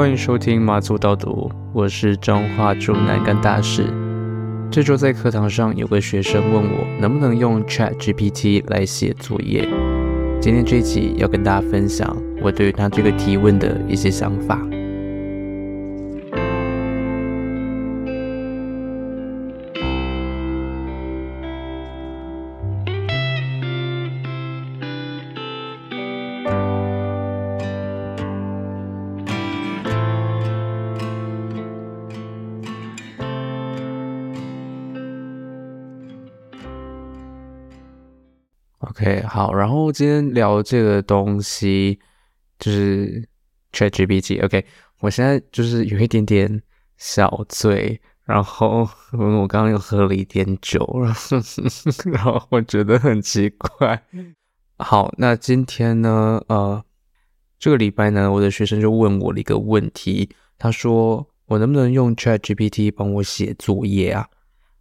歡迎收聽《馬祖島讀》，我是張化柱，南竿大師。這週在課堂上有個學生問我，能不能用 ChatGPT 來寫作業。今天這集要跟大家分享我對於他這個提問的一些想法。好，然後今天聊這個東西就是 ChatGPT，okay。OK，我現在就是有一點點小醉，然後我剛剛又喝了一點酒，然後我覺得很奇怪。好，那今天呢，呃，這個禮拜呢，我的學生就問我了一個問題，他說我能不能用 ChatGPT 幫我寫作業啊？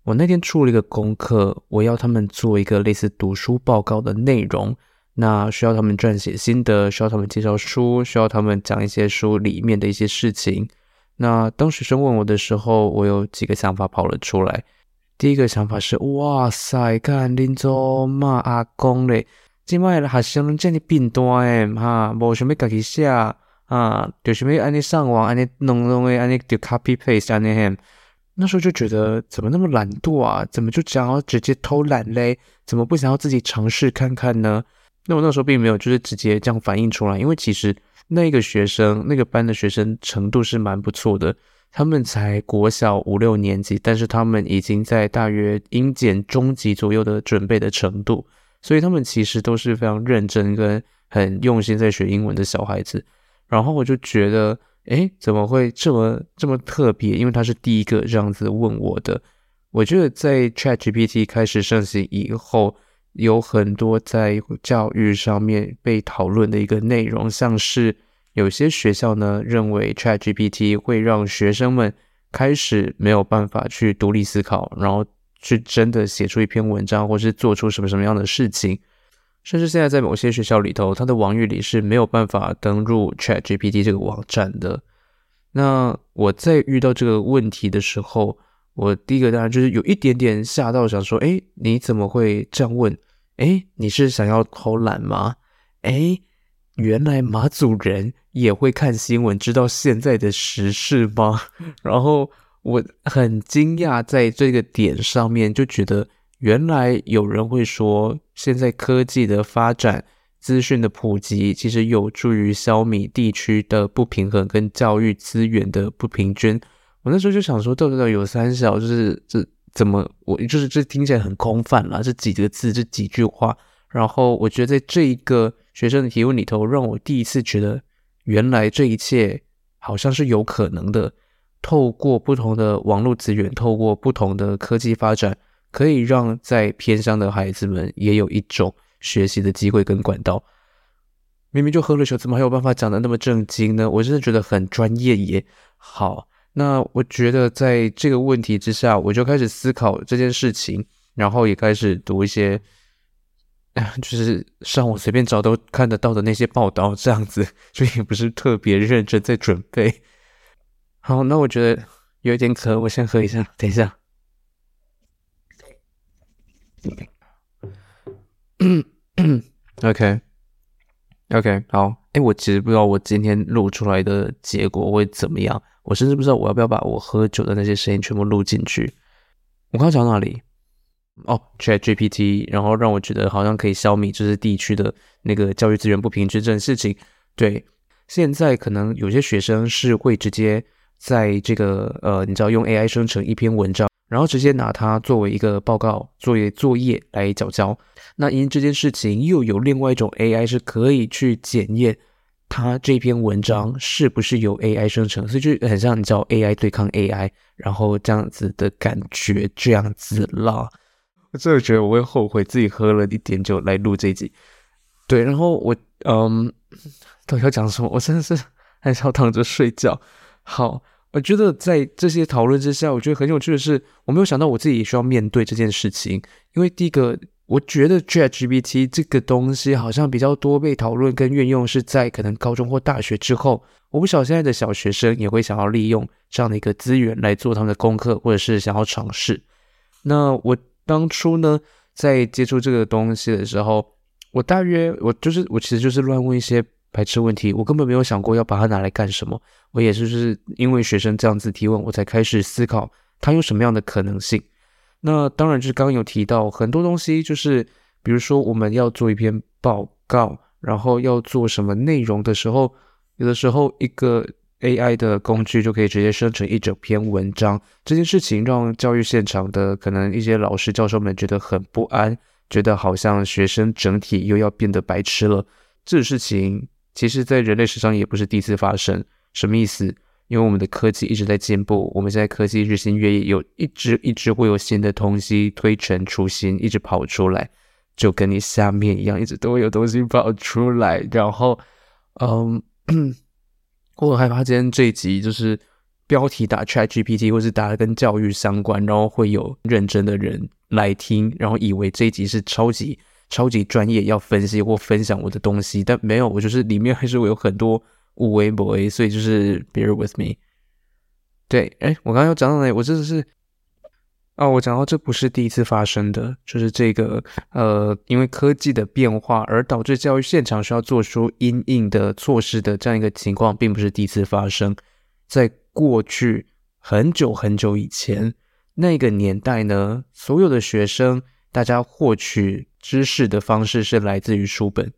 我那天出了一個功課，我要他們做一個類似讀書報告的內容。那需要他們撰寫心得，需要他們介紹書，需要他們講一些書裡面的一些事情。那當學生問我的時候，我有幾個想法跑了出來。第一個想法是：哇塞，看恁做嘛阿公咧，今晚學生攏這麼貧惰哈，無、啊、想要家己寫啊，就想要按你上網按你弄弄的按你就 copy paste 按你現。那時候就覺得怎麼那麼懶惰啊？怎麼就想要直接偷懶嘞？怎麼不想要自己嘗試看看呢？那我那時候並沒有就是直接這樣反映出來，因為其實那個學生、那個班的學生程度是蠻不錯的，他們才國小五六年級，但是他們已經在大約英檢中級左右的準備的程度，所以他們其實都是非常認真跟很用心在學英文的小孩子。然後我就覺得。誒，怎麼會這麼這麼特別？因為他是第一個這樣子問我的。我覺得在 ChatGPT 開始盛行以後，有很多在教育上面被討論的一個內容，像是有些學校呢，認為 ChatGPT 會讓學生們開始沒有辦法去獨立思考，然後去真的寫出一篇文章，或是做出什麼什麼樣的事情。甚至現在在某些學校裡頭，它的網域裡是沒有辦法登錄 ChatGPT 這個網站的。那我在遇到這個問題的時候，我第一個當然就是有一點點嚇到，想說：“哎，你怎麼會這樣問？哎，你是想要偷懶嗎？哎，原來馬祖人也會看新聞，知道現在的時事嗎？”然後我很驚訝在這個點上面，就覺得。原來有人會說，現在科技的發展、資訊的普及，其實有助於消弭地區的不平衡跟教育資源的不平均。我那時候就想說，到底到底有三小，就是這怎麼我就是這聽起來很空泛啦，這幾個字，這幾句話。然後我覺得在這一個學生的提問裡頭，讓我第一次覺得，原來這一切好像是有可能的，透過不同的網絡資源，透過不同的科技發展。可以讓在偏鄉的孩子們也有一種學習的機會跟管道。明明就喝了酒，怎麼還有辦法講得那麼正經呢？我真的覺得很專業耶。好，那我覺得在這個問題之下，我就開始思考這件事情，然後也開始讀一些，就是上網隨便找都看得到的那些報道，這樣子就也不是特別認真在準備。好，那我覺得有一點渴，我先喝一下。等一下。 OK，OK，okay. Okay, 好。哎，我其實不知道我今天錄出來的結果會怎麼樣。我甚至不知道我要不要把我喝酒的那些聲音全部錄進去。我剛講哪裡？哦，ChatGPT，然後讓我覺得好像可以消弭就是地區的那個教育資源不平均這件事情。對，現在可能有些學生是會直接在這個呃，你知道用 AI 生成一篇文章。然後直接拿它作為一個報告作業作業來繳交。那因這件事情又有另外一種 AI 是可以去檢驗它這篇文章是不是由 AI 生成，所以就很像你叫 AI 對抗 AI，然後這樣子的感覺，這樣子啦。我真的覺得我會後悔自己喝了一點酒來錄這一集。對，然後我嗯，到底要講什麼？我真的是很想躺着睡覺。好。我覺得在這些討論之下，我覺得很有趣的是，我沒有想到我自己也需要面對這件事情。因為第一個，我覺得 ChatGPT 這個東西好像比較多被討論跟運用是在可能高中或大學之後。我不曉得現在的小學生也會想要利用這樣的一個資源來做他們的功課，或者是想要嘗試。那我當初呢，在接觸這個東西的時候，我大約我就是我其實就是亂問一些。白痴問題，我根本沒有想過要把它拿來幹什麼。我也是就是因為學生這樣子提問，我才開始思考它有什麼樣的可能性。那當然就是剛剛有提到很多東西，就是比如說我們要做一篇報告，然後要做什麼內容的時候，有的時候一個 AI 的工具就可以直接生成一整篇文章。這件事情讓教育現場的可能一些老師教授們覺得很不安，覺得好像學生整體又要變得白痴了。這事情。其實，在人類史上也不是第一次發生。什麼意思？因為我們的科技一直在進步，我們現在科技日新月異，有一直一直會有新的東西推陳出新，一直跑出來，就跟你下面一樣，一直都會有東西跑出來。然後，嗯， 我很害怕今天這一集就是標題打 ChatGPT 或是打的跟教育相關，然後會有認真的人來聽，然後以為這一集是超級。超級專業要分析或分享我的東西，但沒有，我就是裡面還是我有很多無為博 o 所以就是 bear with me。對，哎，我剛剛又講到了，我真的是啊，哦，我講到這不是第一次發生的，就是這個呃，因為科技的變化而導致教育現場需要做出因應的措施的這樣一個情況，並不是第一次發生。在過去很久很久以前，那個年代呢，所有的學生。大家獲取知識的方式是來自於書本，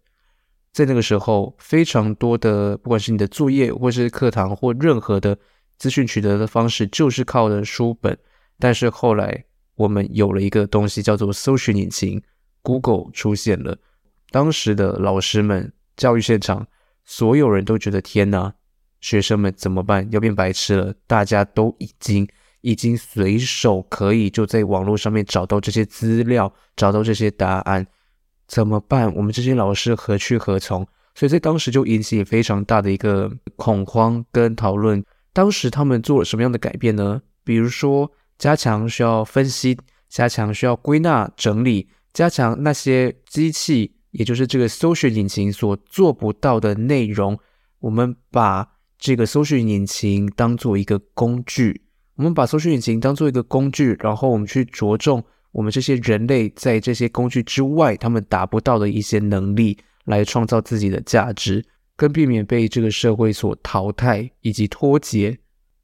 在那個時候，非常多的不管是你的作業，或是課堂，或任何的資訊取得的方式，就是靠的書本。但是後來我們有了一個東西叫做搜尋引擎，Google 出現了。當時的老師們，教育現場所有人都覺得天哪，學生們怎麼辦？要變白痴了？大家都已經。已經隨手可以就在網絡上面找到這些資料，找到這些答案，怎麼辦？我們這些老師何去何從？所以在當時就引起非常大的一個恐慌跟討論。當時他們做了什麼樣的改變呢？比如說，加強需要分析，加強需要歸納整理，加強那些機器，也就是這個搜尋引擎所做不到的內容。我們把這個搜尋引擎當做一個工具。我們把搜尋引擎當做一個工具，然後我們去着重我們這些人類在這些工具之外他們達不到的一些能力，來創造自己的價值，更避免被這個社會所淘汰以及脫節。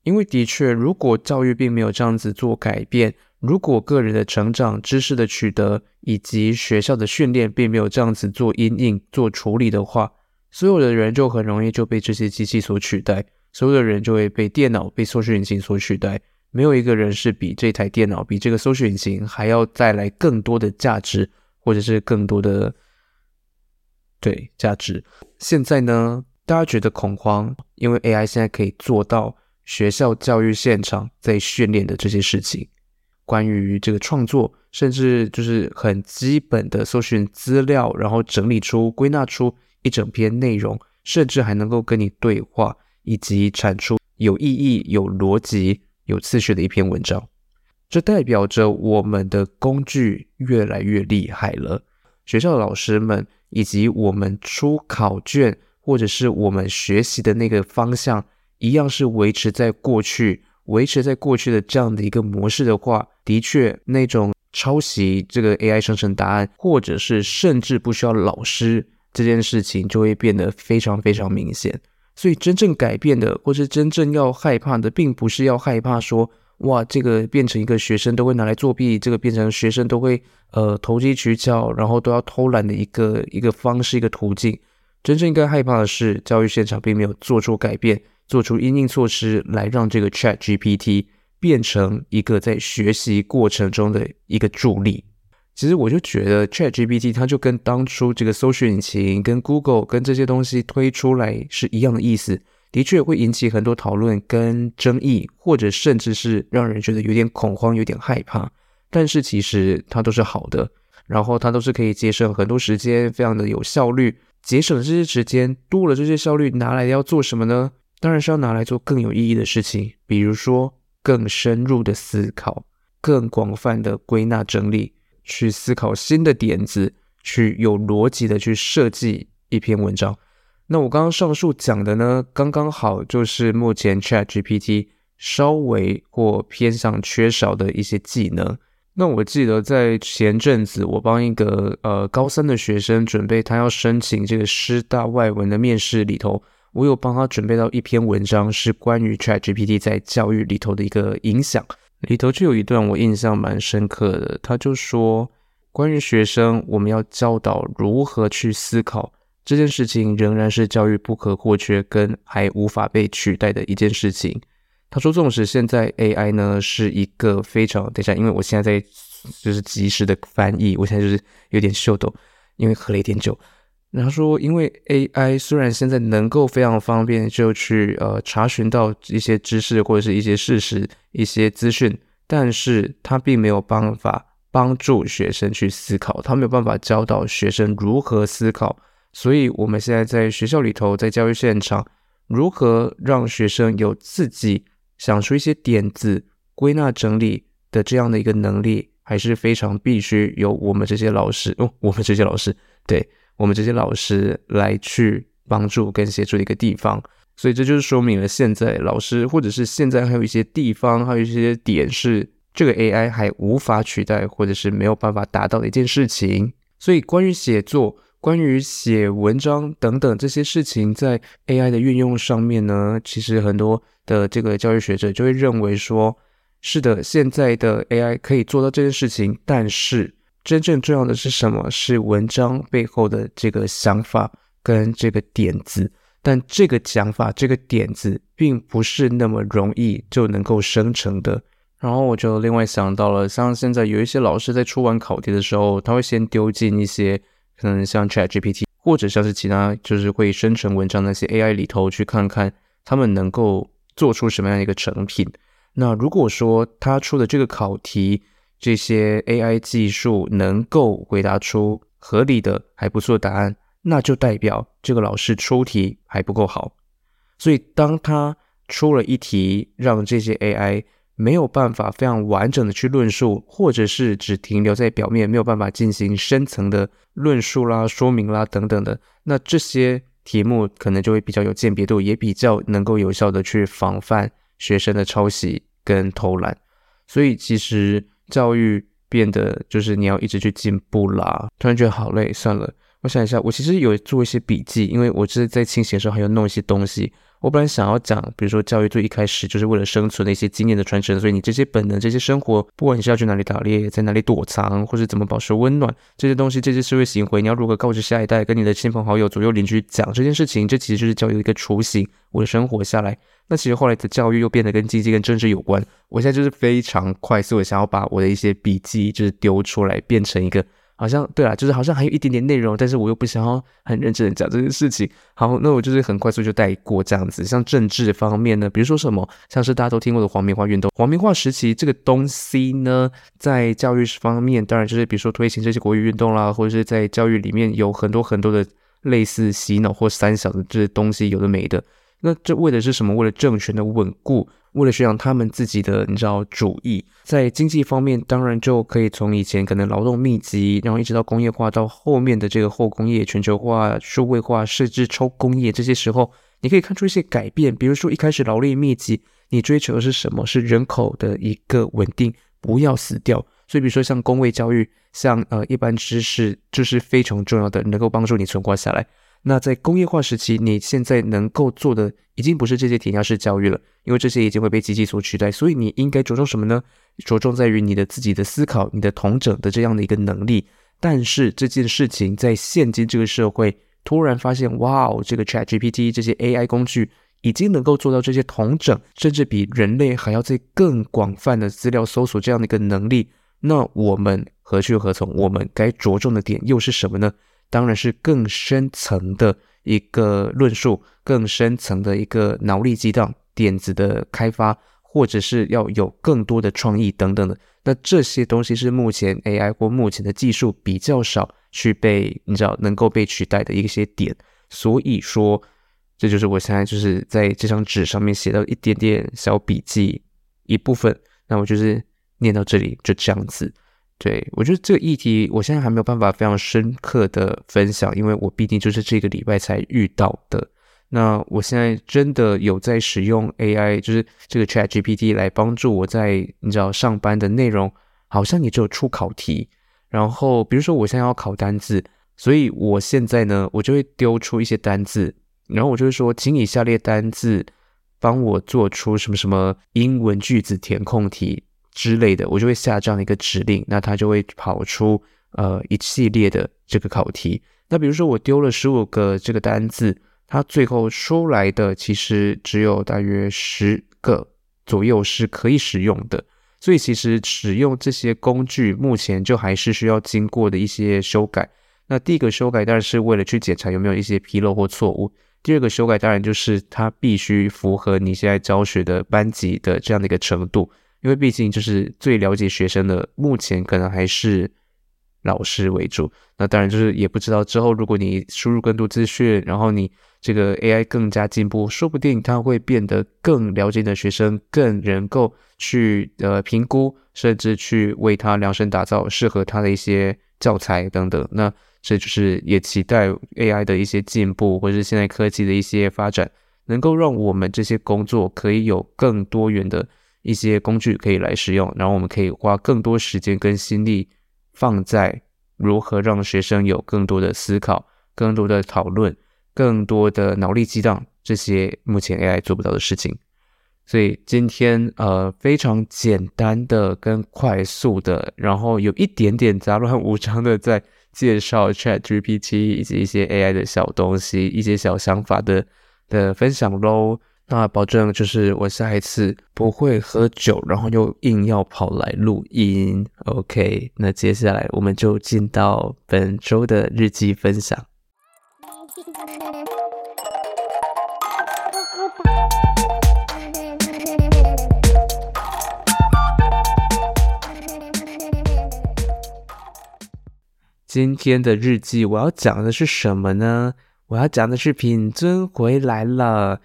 因為的確，如果教育並沒有這樣子做改變，如果個人的成長、知識的取得以及學校的訓練並沒有這樣子做因應做處理的話，所有的人就很容易就被這些機器所取代。所有的人就會被電腦、被搜尋引擎所取代。沒有一個人是比這台電腦、比這個搜尋引擎還要帶來更多的價值，或者是更多的，對，價值。現在呢，大家覺得恐慌，因為 AI 現在可以做到學校教育現場在訓練的這些事情，關於這個創作，甚至就是很基本的搜尋資料，然後整理出、歸納出一整篇內容，甚至還能夠跟你對話。以及產出有意義、有邏輯、有次序的一篇文章，這代表着我們的工具越來越厲害了。學校的老師們以及我們出考卷或者是我們學習的那個方向一樣是維持在過去、維持在過去的這樣的一個模式的話，的確那種抄襲這個 AI 生成答案，或者是甚至不需要老師這件事情，就會變得非常非常明顯。所以真正改變的，或是真正要害怕的，並不是要害怕說，哇，這個變成一個學生都會拿來作弊，這個變成學生都會呃投機取巧，然後都要偷懶的一個一個方式、一個途徑。真正應該害怕的是，教育現場並沒有做出改變，做出因應措施來讓這個 ChatGPT 變成一個在學習過程中的一個助力。其實我就覺得 ChatGPT 它就跟當初這個搜尋引擎，跟 Google，跟這些東西推出來是一樣的意思，的確會引起很多討論跟爭議，或者甚至是讓人覺得有點恐慌、有點害怕。但是其實它都是好的，然後它都是可以節省很多時間，非常的有效率。節省了這些時間多了，這些效率拿來要做什麼呢？當然是要拿來做更有意義的事情，比如說更深入的思考，更廣泛的歸納整理。去思考新的點子，去有邏輯的去設計一篇文章。那我剛剛上述講的呢，剛剛好就是目前 ChatGPT 稍微或偏向缺少的一些技能。那我記得在前陣子，我幫一個呃高三的學生準備，他要申請這個師大外文的面試裡頭，我有幫他準備到一篇文章，是關於 ChatGPT 在教育裡頭的一個影響。裡頭就有一段我印象蠻深刻的，他就說，關於學生，我們要教導如何去思考這件事情，仍然是教育不可或缺跟還無法被取代的一件事情。他說，縱使現在 AI 呢，是一個非常……等一下，因為我現在在就是及時的翻譯，我現在就是有點秀逗，因為喝了一點酒。然後說，因為 AI 雖然現在能夠非常方便就去呃查詢到一些知識或者是一些事實、一些資訊，但是它並沒有辦法幫助學生去思考，它沒有辦法教導學生如何思考。所以，我們現在在學校裡頭，在教育現場，如何讓學生有自己想出一些點子、歸納整理的這樣的一個能力，還是非常必須由我們這些老師哦，我們這些老師，對。我們這些老師來去幫助跟協助的一個地方，所以這就是說明了現在老師或者是現在還有一些地方，還有一些點是這個 AI 還無法取代或者是沒有辦法達到的一件事情。所以關於寫作、關於寫文章等等這些事情，在 AI 的運用上面呢，其實很多的這個教育學者就會認為說，是的，現在的 AI 可以做到這件事情，但是。真正重要的是什麼？是文章背後的這個想法跟這個點子，但這個講法、這個點子並不是那麼容易就能夠生成的。然後我就另外想到了，像現在有一些老師在出完考題的時候，他會先丟進一些可能像 ChatGPT 或者像是其他就是會生成文章那些 AI 裡頭去看看他們能夠做出什麼樣一個成品。那如果說他出的這個考題，這些 AI 技術能夠回答出合理的、還不錯的答案，那就代表這個老師出題還不夠好。所以，當他出了一題，讓這些 AI 沒有辦法非常完整的去論述，或者是只停留在表面，沒有辦法進行深層的論述啦、說明啦等等的，那這些題目可能就會比較有鑑別度，也比較能夠有效的去防範學生的抄襲跟偷懶。所以，其實，教育變得就是你要一直去進步啦，突然覺得好累，算了，我想一下，我其實有做一些筆記，因為我就是在清醒的時候還要弄一些東西。我本來想要講，比如說教育最一開始就是為了生存的一些經驗的傳承，所以你這些本能、這些生活，不管你是要去哪裡打獵，在哪裡躲藏，或是怎麼保持溫暖，這些東西、這些社會行為，你要如何告知下一代、跟你的親朋好友、左右鄰居講這件事情，這其實就是教育的一個雛形。我的生活下來，那其實後來的教育又變得跟經濟、跟政治有關。我現在就是非常快速的想要把我的一些筆記就是丟出來，變成一個。好像對啦，就是好像還有一點點內容，但是我又不想要很認真的講這件事情。好，那我就是很快速就帶過這樣子。像政治方面呢，比如說什麼，像是大家都聽過的皇民化運動、皇民化時期這個東西呢，在教育方面，當然就是比如說推行這些國語運動啦，或者是在教育裡面有很多很多的類似洗腦或三小的這些東西，有的沒的。那這為的是什麼？為了政權的穩固，為了宣揚他們自己的你知道主義。在經濟方面，當然就可以從以前可能勞動密集，然後一直到工業化，到後面的這個後工業、全球化、數位化、甚至超工業這些時候，你可以看出一些改變。比如說一開始勞力密集，你追求的是什麼？是人口的一個穩定，不要死掉。所以比如說像工位教育，像呃一般知識，這是非常重要的，能夠幫助你存活下來。那在工業化時期，你現在能夠做的已經不是這些填鴨式教育了，因為這些已經會被機器所取代。所以你應該着重什麼呢？着重在於你的自己的思考，你的統整的這樣的一個能力。但是這件事情在現今這個社會，突然發現，哇哦，這個 ChatGPT 這些 AI 工具已經能夠做到這些統整，甚至比人類還要再更廣泛的資料搜索這樣的一個能力。那我們何去何從？我們該着重的點又是什麼呢？當然是更深層的一個論述，更深層的一個腦力激盪、點子的開發，或者是要有更多的創意等等的。那這些東西是目前 AI 或目前的技術比較少去被，你知道，能夠被取代的一些點。所以說，這就是我現在就是在這張紙上面寫到一點點小筆記一部分。那我就是念到這裡就這樣子。對，我覺得這個議題，我現在還沒有辦法非常深刻的分享，因為我畢竟就是這個禮拜才遇到的。那我現在真的有在使用 AI，就是這個 ChatGPT 來幫助我在，在你知道上班的內容，好像你只有出考題。然後比如說我現在要考單字，所以我現在呢，我就會丟出一些單字，然後我就會說，請你下列單字幫我做出什麼什麼英文句子填空題。之類的，我就會下這樣的一個指令，那它就會跑出呃一系列的這個考題。那比如說我丟了十五個這個單字，它最後收來的其實只有大約十個左右是可以使用的。所以其實使用這些工具，目前就還是需要經過的一些修改。那第一個修改當然是為了去檢查有沒有一些紕漏或錯誤。第二個修改當然就是它必須符合你現在教學的班級的這樣的一個程度。因為畢竟就是最了解學生的，目前可能還是老師為主。那當然就是也不知道之後，如果你輸入更多資訊，然後你這個 AI 更加進步，說不定它會變得更了解你的學生，更能夠去呃評估，甚至去為他量身打造適合他的一些教材等等。那這就是也期待 AI 的一些進步，或者是現在科技的一些發展，能夠讓我們這些工作可以有更多元的。一些工具可以來使用，然後我們可以花更多時間跟心力放在如何讓學生有更多的思考、更多的討論、更多的腦力激盪，這些目前 AI 做不到的事情。所以今天呃非常簡單的跟快速的，然後有一點點雜亂無章的在介紹 ChatGPT 以及一些 AI 的小東西、一些小想法的的分享嘍。那保證就是我下一次不會喝酒，然後又硬要跑來錄音。OK，那接下來我們就進到本周的日記分享。今天的日記我要講的是什麼呢？我要講的是品尊回來了。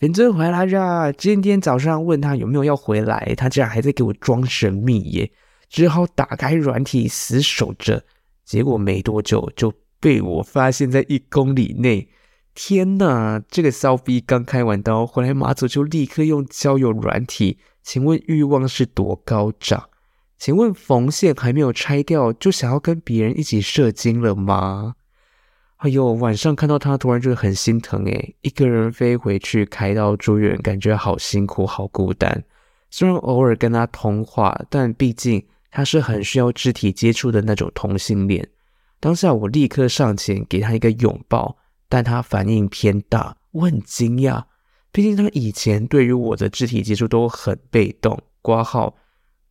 認真回來呀、啊！今天早上問他有沒有要回來，他竟然還在給我裝神秘耶，只好打開軟體死守着。結果沒多久就被我發現在一公里內。天哪，這個騷逼剛開完刀，回來馬祖就立刻用交友軟體。請問慾望是多高漲？請問縫線還沒有拆掉，就想要跟別人一起射精了嗎？哎呦，晚上看到他突然就很心疼誒，一個人飛回去開刀住院，感覺好辛苦，好孤單。雖然偶爾跟他通話，但畢竟他是很需要肢體接觸的那種同性戀。當下我立刻上前給他一個擁抱，但他反應偏大，我很驚訝，畢竟他以前對於我的肢體接觸都很被動。括號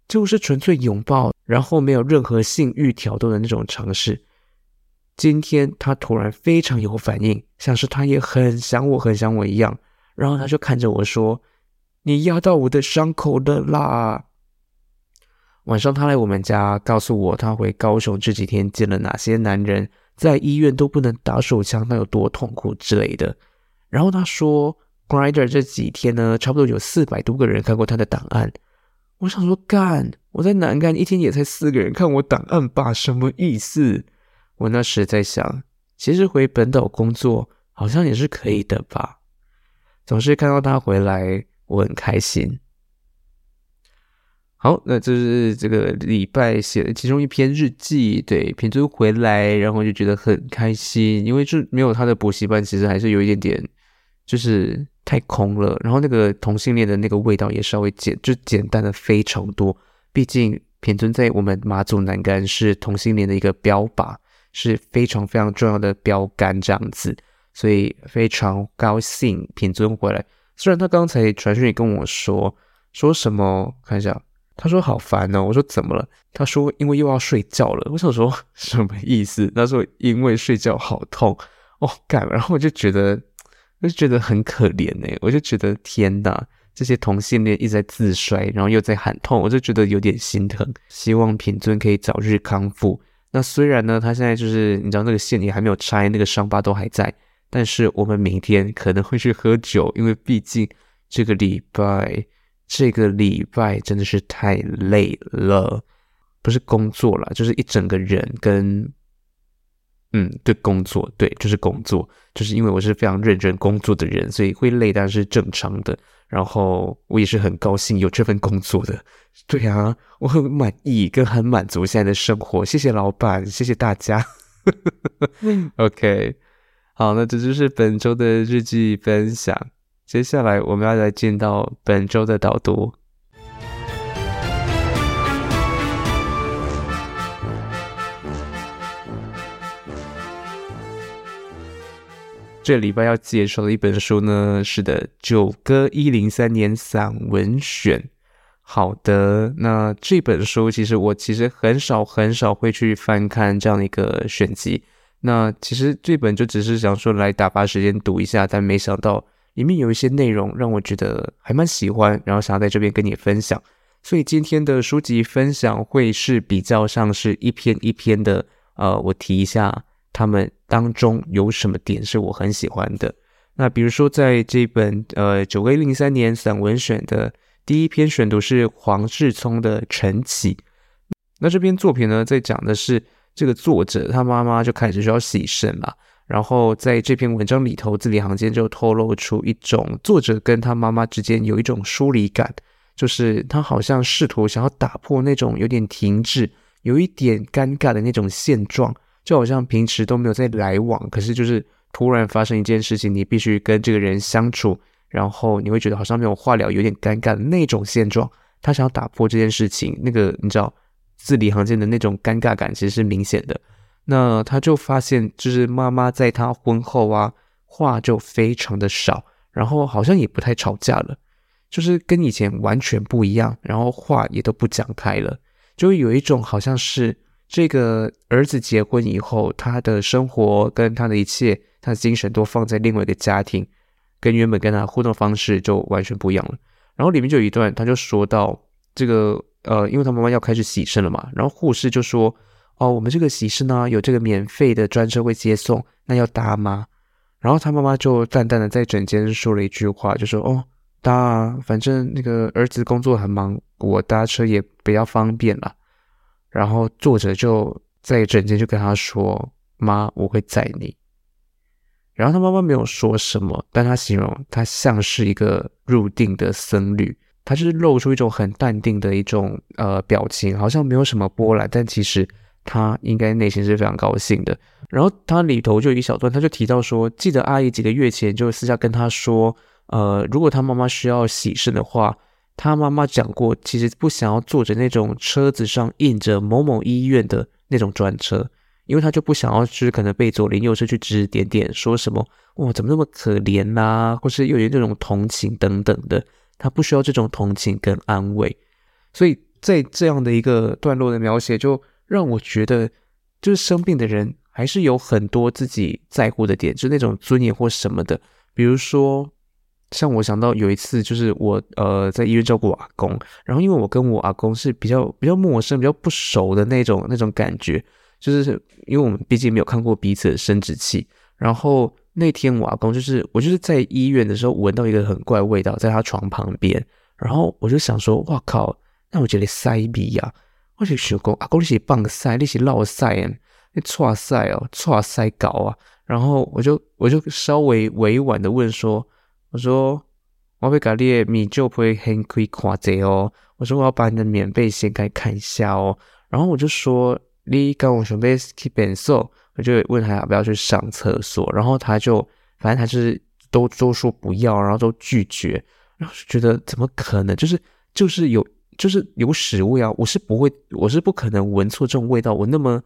就是純粹擁抱，然後沒有任何性慾挑逗的那種嘗試。今天他突然非常有反應，像是他也很想我，很想我一樣。然後他就看着我說：“你壓到我的傷口了啦。”晚上他來我們家，告訴我他回高雄這幾天見了哪些男人，在醫院都不能打手槍，他有多痛苦之類的。然後他說：“Grindr 這幾天呢，差不多有四百多個人看過他的檔案。”我想說：“幹，我在南竿一天也才四個人看我檔案吧，什麼意思？”我那時在想，其實回本島工作好像也是可以的吧。總是看到他回來，我很開心。好，那這是這個禮拜寫的其中一篇日記。對，品尊回來，然後就覺得很開心，因為就沒有他的補習班，其實還是有一點點，就是太空了。然後那個同性戀的那個味道也稍微減，就簡單的非常多。畢竟品尊在我們馬祖南竿是同性戀的一個標靶，是非常非常重要的標杆，這樣子，所以非常高興品尊回來。雖然他剛才傳訊也跟我說說什麼，看一下，他說好煩哦、喔。我說怎麼了？他說因為又要睡覺了。我想說什麼意思？他說因為睡覺好痛哦，幹。然後我就覺得，我就覺得很可憐哎、欸。我就覺得天哪，這些同性戀一直在自摔，然後又在喊痛，我就覺得有點心疼。希望品尊可以早日康復。那雖然呢，他現在就是你知道那個線也還沒有拆，那個傷疤都還在，但是我們明天可能會去喝酒，因為畢竟這個禮拜這個禮拜真的是太累了，不是工作啦，就是一整個人跟，嗯，對，工作，對，就是工作，就是因為我是非常認真工作的人，所以會累，但是正常的。然後我也是很高興有這份工作的，對啊，我很滿意跟很滿足現在的生活，謝謝老闆，謝謝大家。 OK，好，那這就是本周的日記分享，接下來我們要來進到本周的島讀。這禮拜要介紹的一本書呢，是的，《九歌一零三年散文選》。好的，那這本書其實我其實很少很少會去翻看這樣一個選集。那其實這本就只是想說來打發時間讀一下，但沒想到裡面有一些內容讓我覺得還蠻喜歡，然後想要在這邊跟你分享。所以今天的書籍分享會是比較像是一篇一篇的。呃，我提一下。他們當中有什麼點是我很喜歡的？那比如說，在這本呃《九歌一零三年散文選》的第一篇選讀是黃志聰的《晨起》。那這篇作品呢，在講的是這個作者他媽媽就開始需要洗腎了。然後在這篇文章裡頭，字裡行間就透露出一種作者跟他媽媽之間有一種疏離感，就是他好像試圖想要打破那種有點停滯、有一點尷尬的那種現狀。就好像平時都沒有在來往，可是就是突然發生一件事情，你必須跟這個人相處，然後你會覺得好像沒有話聊，有點尷尬的那種現狀。他想要打破這件事情，那個你知道字裡行間的那種尷尬感其實是明顯的。那他就發現，就是媽媽在他婚後啊，話就非常的少，然後好像也不太吵架了，就是跟以前完全不一樣，然後話也都不講開了，就有一種好像是。這個兒子結婚以後，他的生活跟他的一切，他的精神都放在另外一個家庭，跟原本跟他互動方式就完全不一樣了。然後裡面就有一段，他就說到這個，呃，因為他媽媽要開始洗腎了嘛，然後護士就說：“哦，我們這個洗腎呢，有這個免費的專車會接送，那要搭嗎？”然後他媽媽就淡淡的在診間說了一句話，就說：“哦，搭啊，反正那個兒子工作很忙，我搭車也比較方便啦。”然後作者就在一整天就跟他說：“媽，我會載你。”然後他媽媽沒有說什麼，但他形容他像是一個入定的僧侶，他就是露出一種很淡定的一種呃表情，好像沒有什麼波瀾，但其實他應該內心是非常高興的。然後他裡頭就有一小段，他就提到說：“記得阿姨幾個月前就私下跟他說，呃，如果他媽媽需要喜事的話。”他媽媽講過，其實不想要坐着那種車子上印着某某醫院的那種專車，因為他就不想要，就是可能被左鄰右舍去指指點點，說什麼“哇，怎麼那麼可憐吶、啊”，或是又有點這種同情等等的。他不需要這種同情跟安慰，所以在這樣的一個段落的描寫，就讓我覺得，就是生病的人還是有很多自己在乎的點，就是那種尊嚴或什麼的，比如說。像我想到有一次，就是我呃在醫院照顧我阿公，然後因為我跟我阿公是比較比較陌生、比較不熟的那種那種感覺，就是因為我們畢竟沒有看過彼此的生殖器。然後那天我阿公就是我就是在醫院的時候聞到一個很怪味道，在他床旁邊，然後我就想說，哇靠！那我覺得塞逼啊，而且學工阿公你是棒塞，你是落塞啊，那錯塞哦，錯塞搞啊。然後我就我就稍微委婉的問說。我說，我要被隔，你就不會很可以哦。我說我要把你的棉被掀開看一下哦。然後我就說，你剛我準備去便所，我就問他要不要去上廁所。然後他就反正他是都都說不要，然後都拒絕。然後就覺得怎麼可能？就是就是有就是有屎味啊！我是不會，我是不可能聞錯這種味道。我那麼。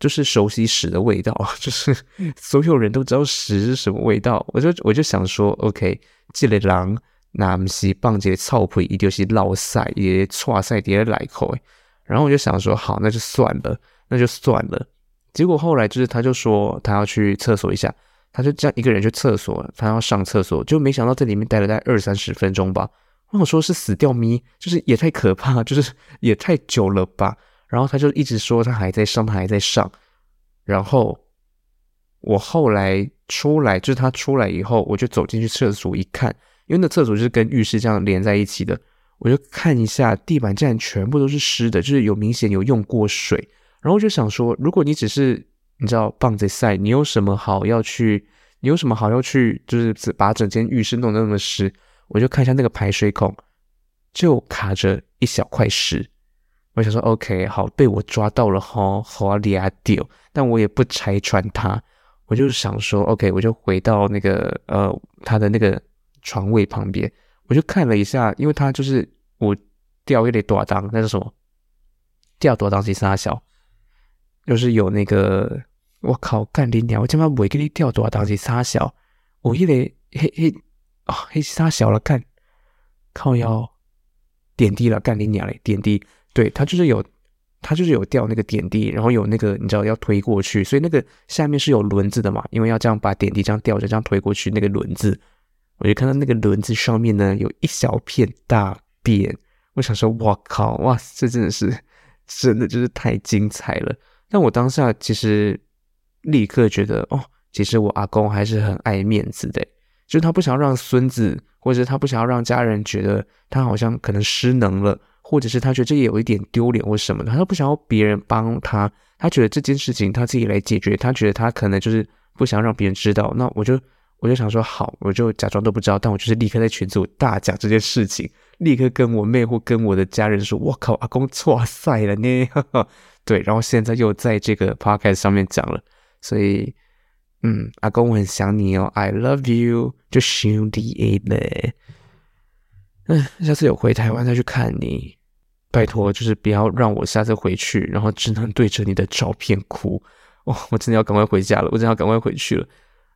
就是熟悉屎的味道，就是所有人都知道屎是什麼味道。我就我就想說，OK，這類狼，那我們是棒子的草皮，一定是老塞也錯塞的來口。然後我就想說，好，那就算了，那就算了。結果後來就是，他就說他要去廁所一下，他就這樣一個人去廁所，他要上廁所，就沒想到在裡面待了待二三十分鐘吧。我想說是死掉咪，就是也太可怕，就是也太久了吧。然後他就一直說他還在上，他還在上。然後我後來出來，就是他出來以後，我就走進去廁所一看，因為那廁所就是跟浴室這樣連在一起的，我就看一下地板竟然全部都是濕的，就是有明顯有用過水。然後我就想說，如果你只是你知道棒子賽，你有什麼好要去，你有什麼好要去，就是把整間浴室弄得那麼濕？我就看一下那個排水孔，就卡着一小塊屎。我想說，OK，好，被我抓到了齁，好厲害丟！但我也不拆穿他，我就想說，OK，我就回到那個呃他的那個床位旁邊，我就看了一下，因為他就是我掉一點少檔，那是什麼？多少檔是啥小？就是有那個，我靠，幹林娘，我怎麼每個掉多少檔是啥小？我一個嘿，嘿，啊，嘿、哦，啥小了？看，靠腰，點滴了，幹林娘嘞點滴。對，他就是有，他就是有吊那個點滴，然後有那個你知道要推過去，所以那個下面是有輪子的嘛，因為要這樣把點滴這樣吊着，這樣推過去，那個輪子，我就看到那個輪子上面呢，有一小片大便，我想說，哇靠，哇，這真的是真的就是太精彩了。但我當下其實立刻覺得，哦，其實我阿公還是很愛面子的，就是他不想要讓孫子，或者他不想要讓家人覺得他好像可能失能了。或者是他覺得這也有一點丟臉或什麼的，他都不想要別人幫他，他覺得這件事情他自己來解決，他覺得他可能就是不想讓別人知道。那我就我就想說好，我就假裝都不知道，但我就是立刻在群組大講這件事情，立刻跟我妹或跟我的家人說：“我靠，阿公錯賽了呢。 ”對，然後現在又在這個 podcast 上面講了，所以嗯，阿公我很想你哦，I love you，就羞 D A 了。嗯，下次有回台灣再去看你。拜託，就是不要讓我下次回去，然後只能對着你的照片哭。哇，我真的要趕快回家了，我真的要趕快回去了。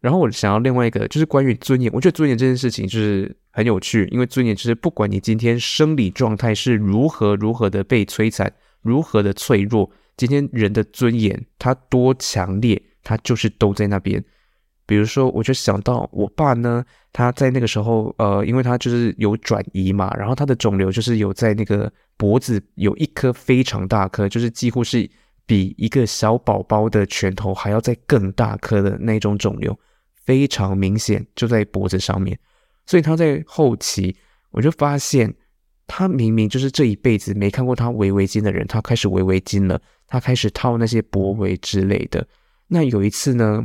然後我想要另外一個，就是關於尊嚴。我覺得尊嚴這件事情就是很有趣，因為尊嚴就是不管你今天生理狀態是如何如何的被摧殘，如何的脆弱，今天人的尊嚴它多強烈，它就是都在那邊。比如說，我就想到我爸呢，他在那個時候，呃，因為他就是有轉移嘛，然後他的腫瘤就是有在那個脖子有一顆非常大顆，就是幾乎是比一個小寶寶的拳頭還要再更大顆的那種腫瘤，非常明顯就在脖子上面。所以他在後期，我就發現他明明就是這一輩子沒看過他圍圍巾的人，他開始圍圍巾了，他開始套那些脖圍之類的。那有一次呢，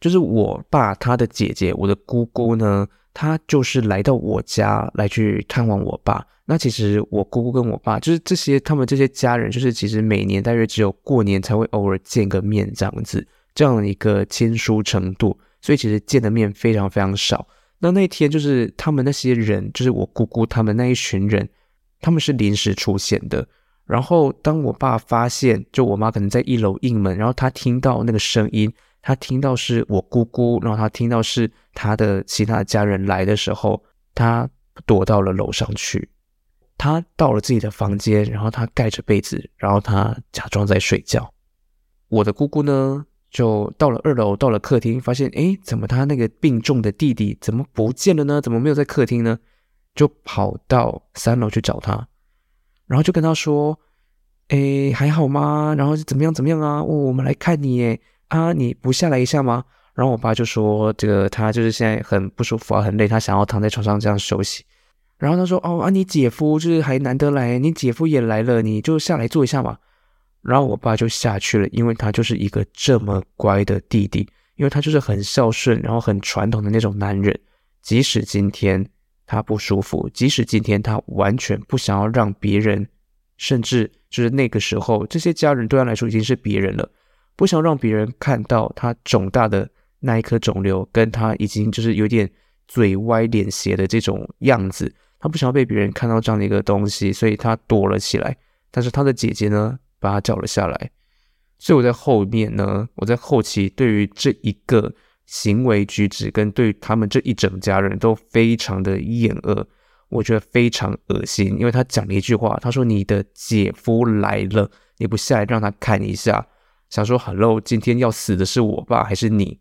就是我爸他的姐姐，我的姑姑呢，她就是來到我家來去探望我爸。那其實我姑姑跟我爸就是這些，他們這些家人就是其實每年大約只有過年才會偶爾見個面這樣子，這樣的一個親疏程度，所以其實見的面非常非常少。那那天就是他們那些人，就是我姑姑他們那一群人，他們是臨時出現的。然後當我爸發現，就我媽可能在一樓應門，然後他聽到那個聲音。他聽到是我姑姑，然後他聽到是他的其他的家人來的時候，他躲到了樓上去。他到了自己的房間，然後他蓋着被子，然後他假裝在睡覺。我的姑姑呢，就到了二樓，到了客廳，發現哎，怎麼他那個病重的弟弟怎麼不見了呢？怎麼沒有在客廳呢？就跑到三樓去找他，然後就跟他說：“哎，還好嗎？然後怎麼樣怎麼樣啊？我、哦、我們來看你耶。”啊，你不下來一下嗎？然後我爸就說：“這個他就是現在很不舒服啊，很累，他想要躺在床上這樣休息。”然後他說：“哦，啊，你姐夫就是還難得來，你姐夫也來了，你就下來坐一下嘛。”然後我爸就下去了，因為他就是一個這麼乖的弟弟，因為他就是很孝順，然後很傳統的那種男人。即使今天他不舒服，即使今天他完全不想要讓別人，甚至就是那個時候，這些家人對他來說已經是別人了。不想讓別人看到他腫大的那一顆腫瘤，跟他已經就是有點嘴歪臉斜的這種樣子，他不想要被別人看到這樣的一個東西，所以他躲了起來。但是他的姐姐呢，把他叫了下來。所以我在後面呢，我在後期對於這一個行為舉止，跟對他們這一整家人都非常的厭惡，我覺得非常噁心。因為他講了一句話，他說：“你的姐夫來了，你不下來讓他看一下。”想說，哈囉，今天要死的是我爸還是你？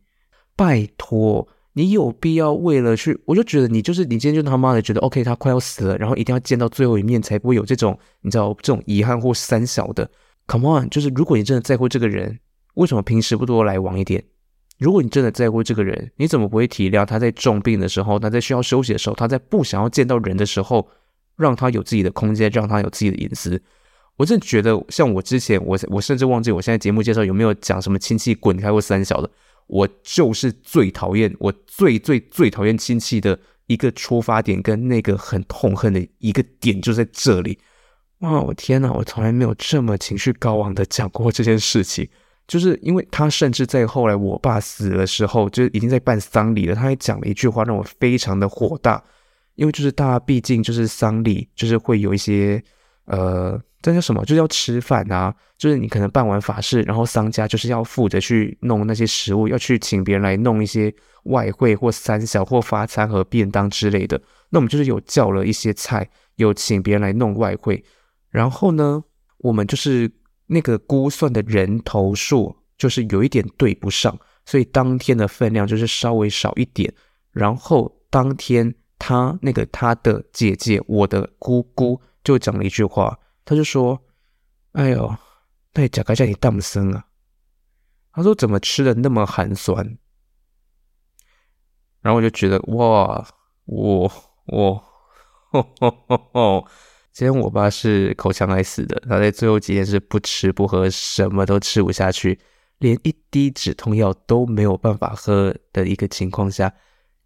拜託，你有必要為了去，我就覺得你就是你今天就他媽的覺得 OK，他快要死了，然後一定要見到最後一面才不會有這種你知道這種遺憾或三小的。Come on，就是如果你真的在乎這個人，為什麼平時不多來往一點？如果你真的在乎這個人，你怎麼不會體諒他在重病的時候，他在需要休息的時候，他在不想要見到人的時候，讓他有自己的空間，讓他有自己的隱私？我真的覺得，像我之前，我我甚至忘記我現在節目介紹有沒有講什麼親戚滾開過三小的。我就是最討厭，我最最最討厭親戚的一個出發點，跟那個很痛恨的一個點就在這裡。哇，我天哪，我從來沒有這麼情緒高昂的講過這件事情。就是因為他甚至在後來我爸死的時候，就是、已經在辦喪禮了。他還講了一句話，讓我非常的火大。因為就是大家畢竟就是喪禮，就是會有一些呃。那叫什麼？就是要吃飯啊！就是你可能辦完法事，然後喪家，就是要負責去弄那些食物，要去請別人來弄一些外燴，或三小或發餐和便當之類的。那我們就是有叫了一些菜，有請別人來弄外燴。然後呢，我們就是那個估算的人頭數，就是有一點對不上，所以當天的分量就是稍微少一點。然後當天他那個他的姐姐，我的姑姑就講了一句話。他就說：“哎呦，那你賈開家你當生啊？”他說：“怎麼吃的那麼寒酸？”然後我就覺得：“哇，我我，吼吼吼吼，今天我爸是口腔癌死的，他在最後幾天是不吃不喝，什麼都吃不下去，連一滴止痛藥都沒有辦法喝的一個情況下，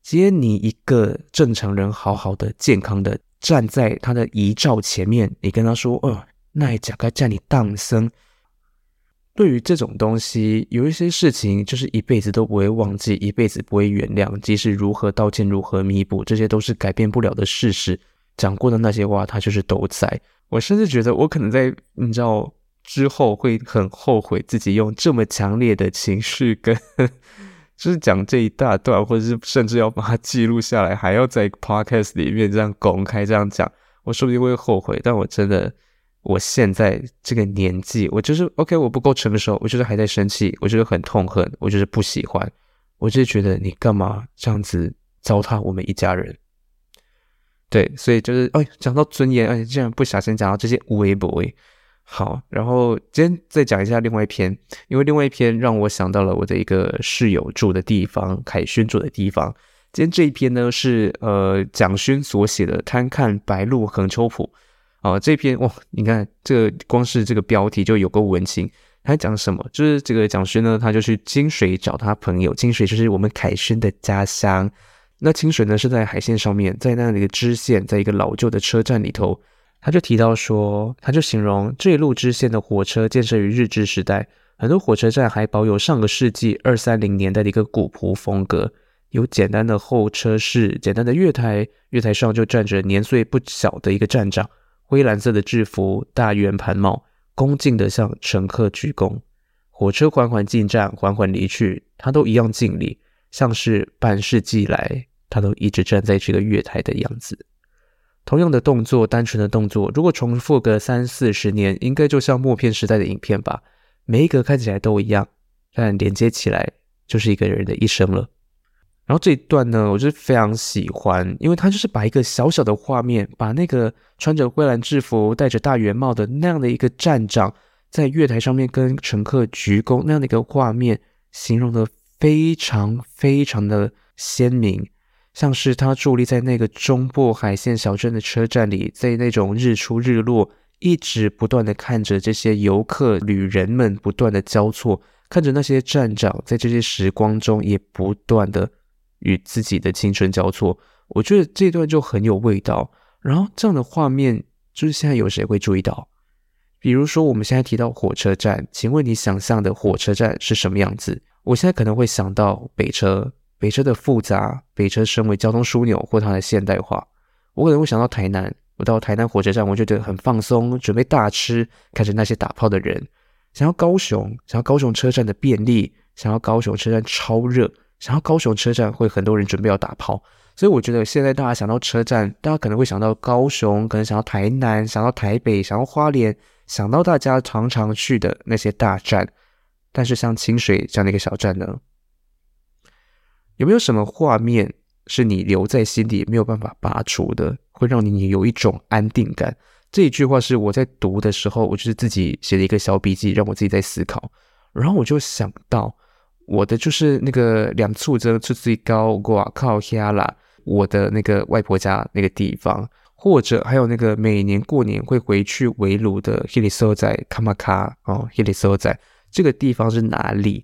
今天你一個正常人，好好的，健康的。”站在他的遺照前面，你跟他說：“哦，也甲，該站你蕩僧。”對於這種東西，有一些事情就是一輩子都不會忘記，一輩子不會原諒。即使如何道歉，如何彌補，這些都是改變不了的事實。講過的那些話，他就是都在。我甚至覺得，我可能在你知道之後，會很後悔自己用這麼強烈的情緒跟。 就是講這一大段，或者是甚至要把它記錄下來，還要在 podcast 裡面這樣公開這樣講，我說不定會後悔。但我真的，我現在這個年紀，我就是 OK，我不夠成熟，我就是還在生氣，我就是很痛恨，我就是不喜歡，我就是覺得你幹嘛這樣子糟蹋我們一家人。對，所以就是哎，講到尊嚴，而、哎、且竟然不小心講到這些微博。好，然後今天再講一下另外一篇，因為另外一篇讓我想到了我的一個室友住的地方，凱勳住的地方。今天這一篇呢是呃蔣勳所寫的《貪看白鷺橫秋浦》啊，這篇哇、哦，你看這個光是這個標題就有夠文青。它講什麼？就是這個蔣勳呢，他就去清水找他朋友，清水就是我們凱勳的家鄉。那清水呢是在海線上面，在那裡的支線，在一個老舊的車站裡頭。他就提到說，他就形容這一路支線的火車建設於日治時代，很多火車站還保有上個世紀二三零年代的一個古樸風格，有簡單的候車室，簡單的月台，月台上就站着年歲不小的一個站長，灰藍色的制服，大圓盤帽，恭敬的向乘客鞠躬。火車緩緩進站，緩緩離去，他都一樣敬禮，像是半世紀來他都一直站在這個月台的樣子。同樣的動作，單純的動作，如果重複個三四十年，應該就像默片時代的影片吧？每一個看起來都一樣，但連接起來就是一個人的一生了。然後這一段呢，我就非常喜歡，因為他就是把一個小小的畫面，把那個穿着灰藍制服、戴着大圓帽的那樣的一個站長，在月台上面跟乘客鞠躬那樣的一個畫面，形容得非常非常的鮮明。像是他佇立在那個中部海線小鎮的車站裡，在那種日出日落，一直不斷的看着這些遊客旅人們不斷的交錯，看着那些站長在這些時光中也不斷的與自己的青春交錯。我覺得這段就很有味道。然後這樣的畫面，就是現在有誰會注意到？比如說我們現在提到火車站，請問你想象的火車站是什麼樣子？我現在可能會想到北車。北車的複雜，北車身為交通樞紐或它的現代化，我可能會想到台南。我到台南火車站，我就覺得很放鬆，準備大吃，看著那些打炮的人。想要高雄，想要高雄車站的便利，想要高雄車站超熱，想要高雄車站會很多人準備要打炮。所以我覺得現在大家想到車站，大家可能會想到高雄，可能想到台南，想到台北，想到花蓮，想到大家常常去的那些大站。但是像清水這樣的一個小站呢？有沒有什麼畫面是你留在心裡，沒有辦法拔除的，會讓你有一種安定感？這一句話是我在讀的時候，我就是自己寫了一個小筆記，讓我自己在思考。然後我就想到我的就是那個兩處則是最高掛靠希啦，我的那個外婆家那個地方，或者還有那個每年過年會回去圍爐的黑裡搜仔卡瑪卡哦，黑裡搜仔這個地方是哪裡？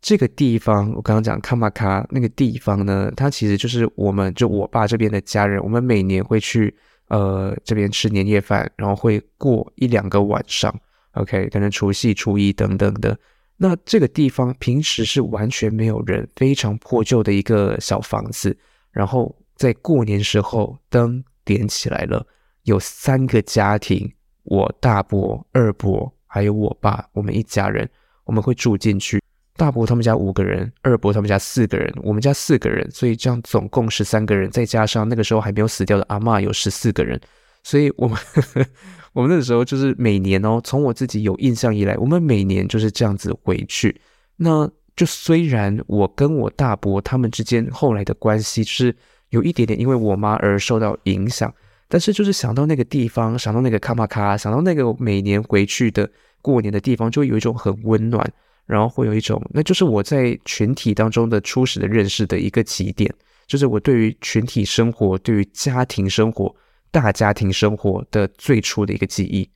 這個地方，我剛剛講卡馬卡那個地方呢，它其實就是我們就我爸這邊的家人，我們每年會去呃這邊吃年夜飯，然後會過一兩個晚上，OK，可能除夕、初一等等的。那這個地方平時是完全沒有人，非常破舊的一個小房子，然後在過年時候燈點起來了，有三個家庭，我大伯、二伯還有我爸，我們一家人我們會住進去。大伯他們家五個人，二伯他們家四個人，我們家四個人，所以這樣總共十三個人，再加上那個時候還沒有死掉的阿嬤有十四個人，所以我們 我們那個時候就是每年哦，從我自己有印象以來，我們每年就是這樣子回去。那就雖然我跟我大伯他們之間後來的關係就是有一點點因為我媽而受到影響，但是就是想到那個地方，想到那個卡瑪卡，想到那個每年回去的過年的地方，就會有一種很溫暖。然後會有一種，那就是我在群體當中的初始的認識的一個起點，就是我對於群體生活、對於家庭生活、大家庭生活的最初的一個記憶。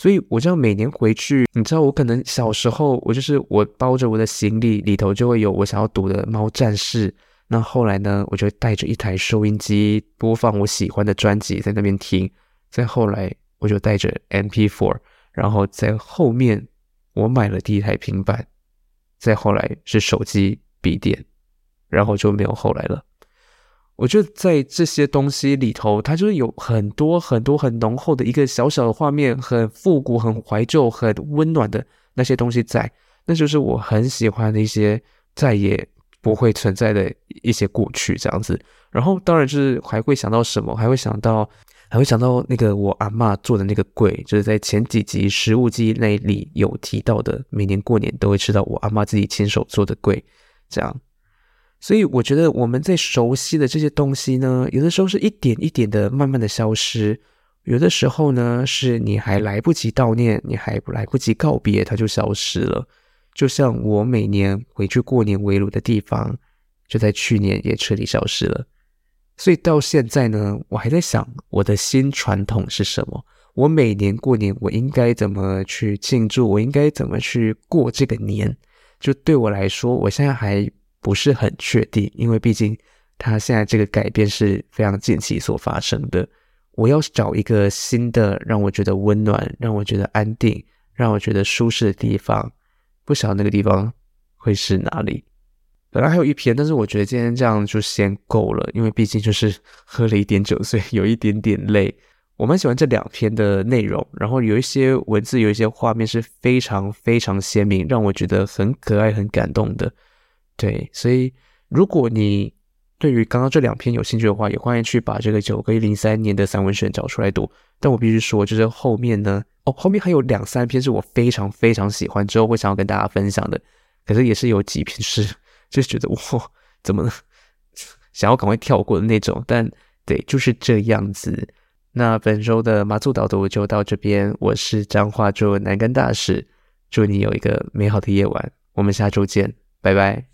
所以，我這樣每年回去，你知道，我可能小時候，我就是我包着我的行李裡頭就會有我想要讀的《貓戰士》。那後來呢，我就帶着一台收音機播放我喜歡的專輯在那邊聽。再後來，我就帶着 MP4，然後在後面我買了第一台平板。再後來是手機、筆電，然後就沒有後來了。我覺得在這些東西裡頭，它就是有很多很多很濃厚的一個小小的畫面，很復古、很懷舊、很溫暖的那些東西在，那就是我很喜歡的一些，再也不會存在的一些過去這樣子。然後當然就是還會想到什麼，還會想到。還會想到那個我阿嬤做的那個櫃，就是在前幾集食物記憶那裡有提到的，每年過年都會吃到我阿嬤自己親手做的櫃。這樣。所以我覺得我們在熟悉的這些東西呢，有的時候是一點一點的慢慢的消失，有的時候呢，是你還來不及悼念，你還來不及告別，它就消失了。就像我每年回去過年圍爐的地方，就在去年也徹底消失了。所以到現在呢，我還在想我的新傳統是什麼？我每年過年我應該怎麼去慶祝？我應該怎麼去過這個年？就對我來說，我現在還不是很確定，因為畢竟他現在這個改變是非常近期所發生的。我要找一個新的讓我覺得溫暖、讓我覺得安定、讓我覺得舒適的地方，不曉得那個地方會是哪裡。本來還有一篇，但是我覺得今天這樣就先夠了，因為畢竟就是喝了一點酒，所以有一點點累。我蠻喜歡這兩篇的內容，然後有一些文字，有一些畫面是非常非常鮮明，讓我覺得很可愛、很感動的。對，所以如果你對於剛剛這兩篇有興趣的話，也歡迎去把這個九歌103年的散文選找出來讀。但我必須說，就是後面呢，哦，後面還有兩三篇是我非常非常喜歡，之後會想要跟大家分享的。可是也是有幾篇是。就覺得我怎麼想要趕快跳過的那種，但對，就是這樣子。那本周的馬祖島讀，就到這邊。我是張化作為南竿大使，祝你有一個美好的夜晚，我們下周見，拜拜。